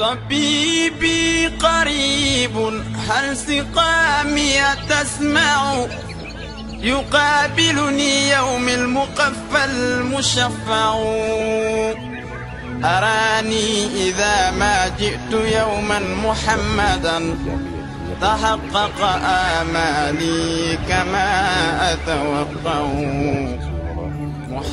طبيبي قريب هل سقامي تسمع يقابلني يوم المقفى المشفع أراني إذا ما جئت يوما محمدا تحقق آمالي كما أتوقع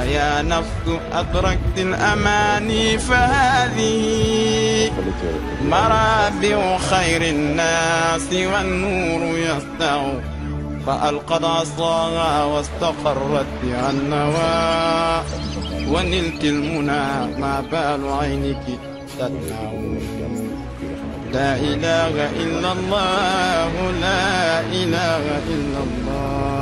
أيا نفس أدركت الأماني فهذه مرابع خير الناس والنور يسطع فألقد عصاها واستقرت بها النوى ونلت المنى ما بال عينك تدمع لا إله إلا الله لا إله إلا الله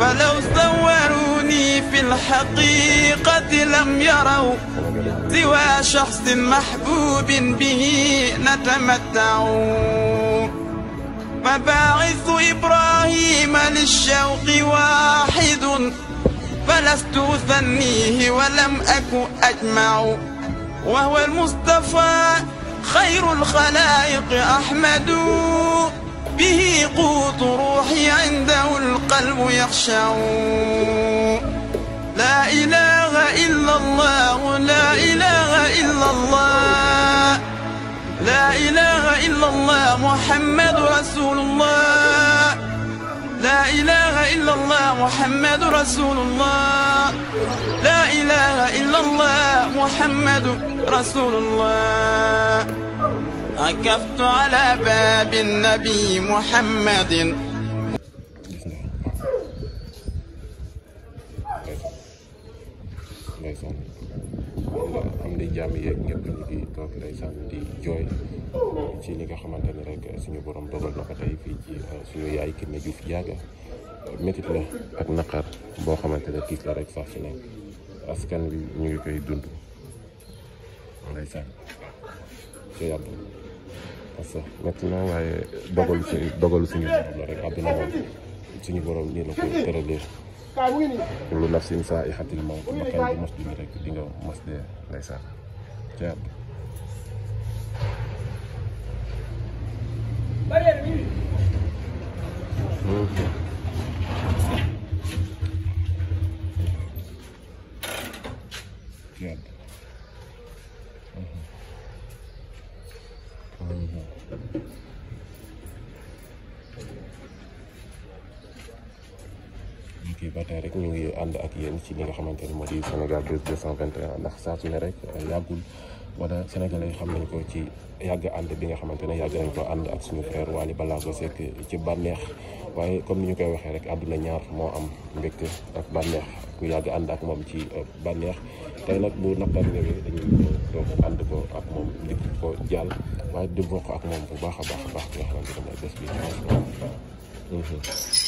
فلو صوروني في الحقيقة لم يروا سوى شخص محبوب به نتمتع مباعث إبراهيم للشوق واحد فلست أثنيه ولم أك أجمع وهو المصطفى خير الخلائق أحمد به قوت روحي عند القلب يخشع لا إله إلا الله لا إله إلا الله لا إله إلا الله محمد رسول الله لا إله إلا الله محمد رسول الله لا إله إلا الله محمد رسول الله عكفت على باب النبي محمد bàyyi jàmm yeeg ñëpp ñu ngi toog ndeysaan di jooy ci li nga xamante ni rek suñu borom dogal na ko tey fii ci euh, suñu yaay Kiné Diouf Diaga métit la ak naqar boo xamante ne tiis la rek sax su nekk askan wi ñu ngi koy dund ndeysaan ci yàlla parce que métti na waaye dogalu suñu dogalu suñu la rek àdduna moom suñu borom nii la ko tëralee kullu nafsin zaa'iqatul mawt ma kañ bu mos dund rek di nga mos dee ndeysaan ca Yeah. fii ba tey rek ñu ngi ànd ak yéen ci li nga xamante ne moo di Sénégal 221 ndax saa su rek euh, yàggul wala sénégalais yi xam nañ ko ci yàgg ànd bi nga xamante ne yàgg nañ ko ànd ak suñu frère Wally Ballago Seck ci bànneex waaye comme ni ñu koy waxee rek àdduna ñaar moo am mbégte ak bànneex ku yàgg ànd ak moom ci euh, bànneex tey nag bu naqar ñëwee dañuy doog ànd ko ak moom dikk ko jàll waaye du bokk ak moom bu baax a baax a baax nga xamante ne mooy bés bi mm-hmm.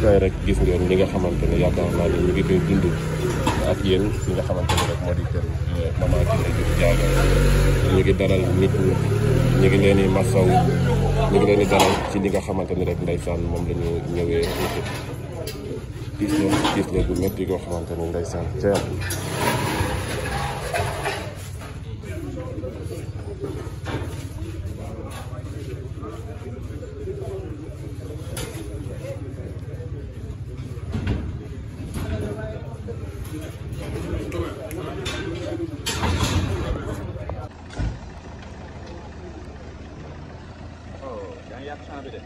ba rek gis ngeen li nga xamante ne yaakaar naa ne ñu ngi koy dund ak yéen fi nga xamante ne rek moo di kër euh, maman Kine Diouf ñu ngi daral nit ñi ñu ngi leen di masaw ñu ngi leen di ci li nga xamante ne rek ndeysaan moom la ñu ñëwee tiis la tiis la bu métti goo xamante yakışana biri.